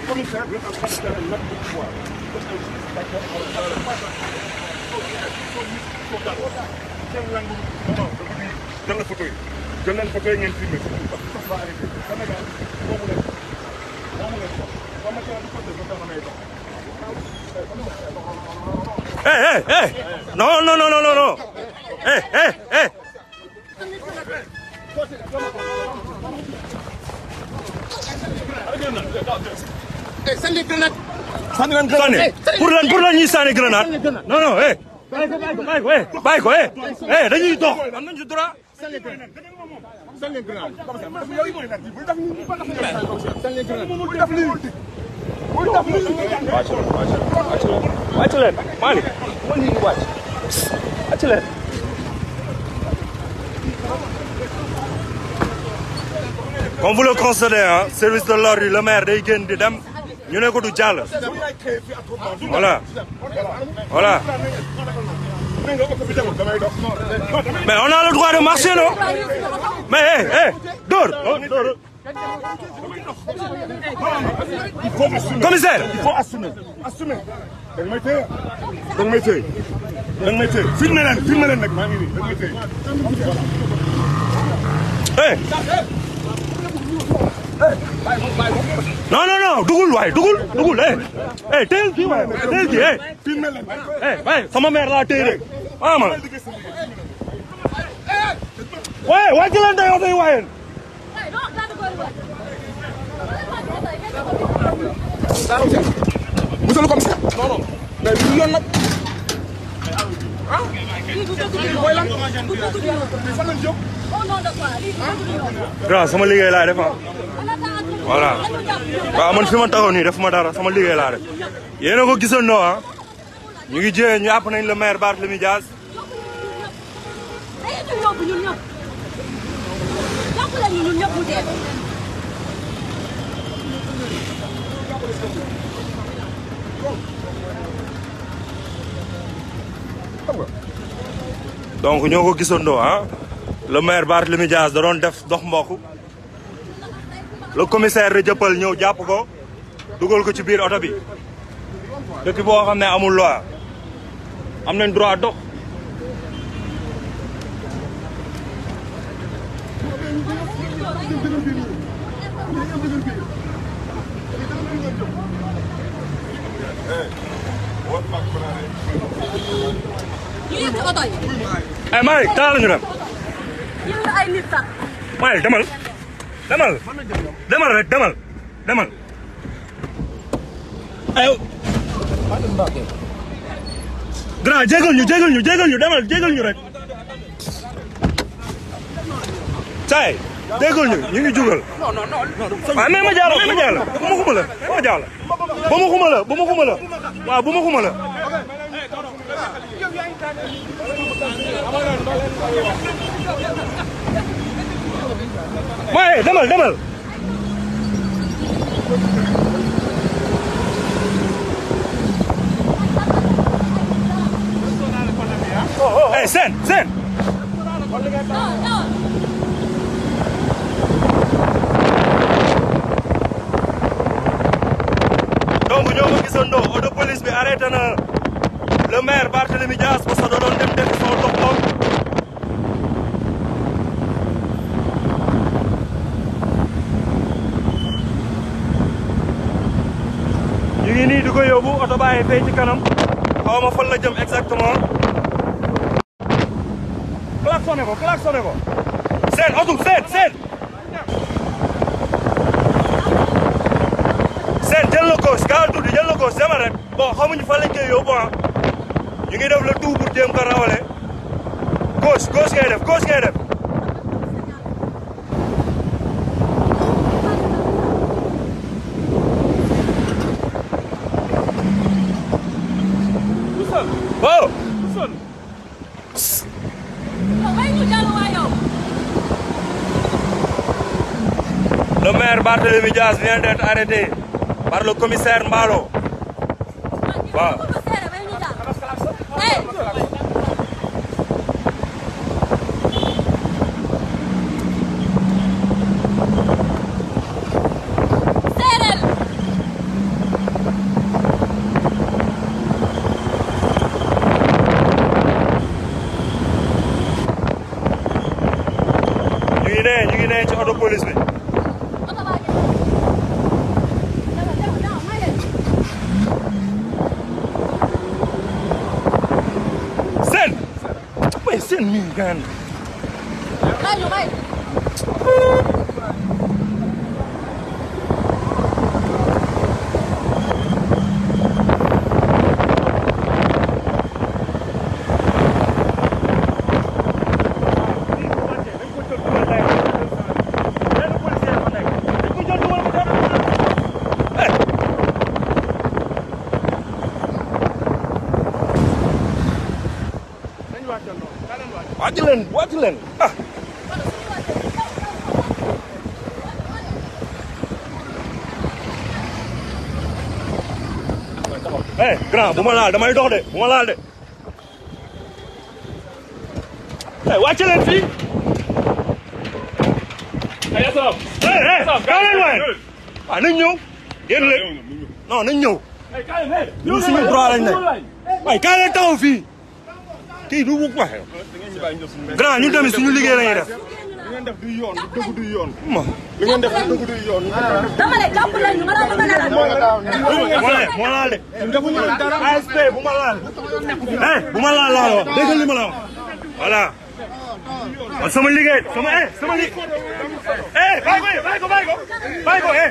commissaire wird am Kanzler im Land vor. jël na photo yi jël nañ photo yi ngeen filmé ko ba arrêté Sénégal moomu leen moomu leen ko ba ma kenn du ko def ba may dox Hey, hey, hey! Non, non, non, non, non, non! Hey, hey, hey! Allez, viens là, viens, viens. Eh, sànni grenade. sànni grenade sànni eh, pour lan pour lan ñuy sànni grenade non non eh. bàyyi ko bàyyi ko eh bàyyi ko eh eh dañuy dox am nañu droit. sànni grenade sànni grenade. sànni grenade. wàcc leen wàcc leen wàcc leen Malick wàcc wàcc leen. Comme vous le constatez, hein, service de l'ordre, le maire day génn di dem. ñu ne ko du jàll voilà voilà mais on a le droit de marcher non mais eh eh dóor commissaire il faut assumer assumer danga may téye danga may téye danga may téye filmé leen filmé leen nag maa ngi nii danga may téye eh non non non dugul waay dugul dugul eh eh, eh. eh sama mère laa téye de eh. waaw ah, ma waay wàcc leen tey oto yi waayeen monsieur le commissaire mais du yoon nag ah. grand sama liggéey laay def ah. voilà waaw man fi ma taxaw nii def ma dara sama liggéey laa def yéen a ko gisandoo ah ñu ngi jiyee ñu àpp nañ le maire Barthélémy Dias donc ñoo ko gisandoo ah le maire Barthélémy Dias da doon def dox mbokk le commissaire de Dieuppeul japp ko duggal ko ci biir auto bi dëkk bo xam amul loi am nañ droit dox ay Malick taal ñu dem ay nit sax. waaye demal demal demal rek demal demal. aywa. grand jégal ñu jégal ñu jégal ñu demal jégal ñu rek. saay jégal ñu ñu ngi jugal. waaw mais ma jaala ma jaala bu ma xuma la ma jaala. bu ma xuma la bu ma xuma la waaw bu ma xuma la. Vamos, waaye demal demal. eh seen seen. donc ñoo ko gisandoo oto police bi arrêté na le maire Barthélémy Dias parce que da doon dem defi waaye fay ci kanam xaw ma fan la jëm exactement. klaxonné ko klaxonné ko. seen oto seen seen. seen jël la gauche gaal tuuti jël la gauche demal rek bon xamuñu fan lañ ah. ñu ngi def le tout pour jéem ko rawale gauche gauche ngay def Le maire Barthélémy Diaz vient d'être arrêté par le commissaire Mbalo. Voilà. police bi me again. quá chứ lên quá chứ lên à. Eh, kena bumalah, dah mai dah deh, bumalah deh. Eh, watch it, ah. Nancy. Hey, what's up? Hey, hey, what's up? Got it, man. Ah, ninyo. Get it. No, ninyo. Hey, got it, hey. You see me, bro, ninyo. Hey, got it, Taufi. kii du ko waxee. grand ñun tamit suñu liggéey lañuy def. li ngeen def du yoon du dëgg du yoon. li ngeen def a ma laal. eh bu ma laal laa li ma la wax voilà. man sama liggéey sama eh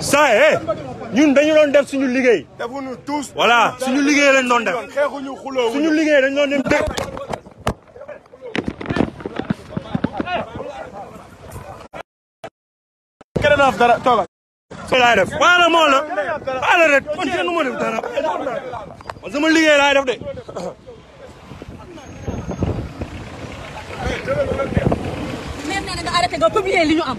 ça eh ñun dañu doon def suñu liggéey. defuñu tous. voilà suñu liggéey lañ doon def. suñu liggéey dañ doon dem dëkk. keneen naa fi dara toogal. laay def baala moo la baala rek man kenn du ma def dara man sama liggéey laay def de. maire nee na nga arrêté nga publier li ñu am.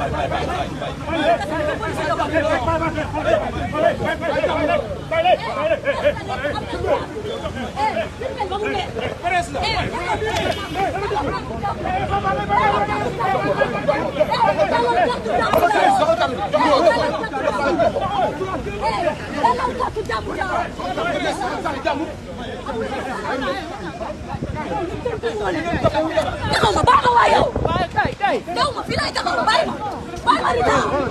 Baax na waay yow Calma, filha, então, vai, vai, vai, vai, vai.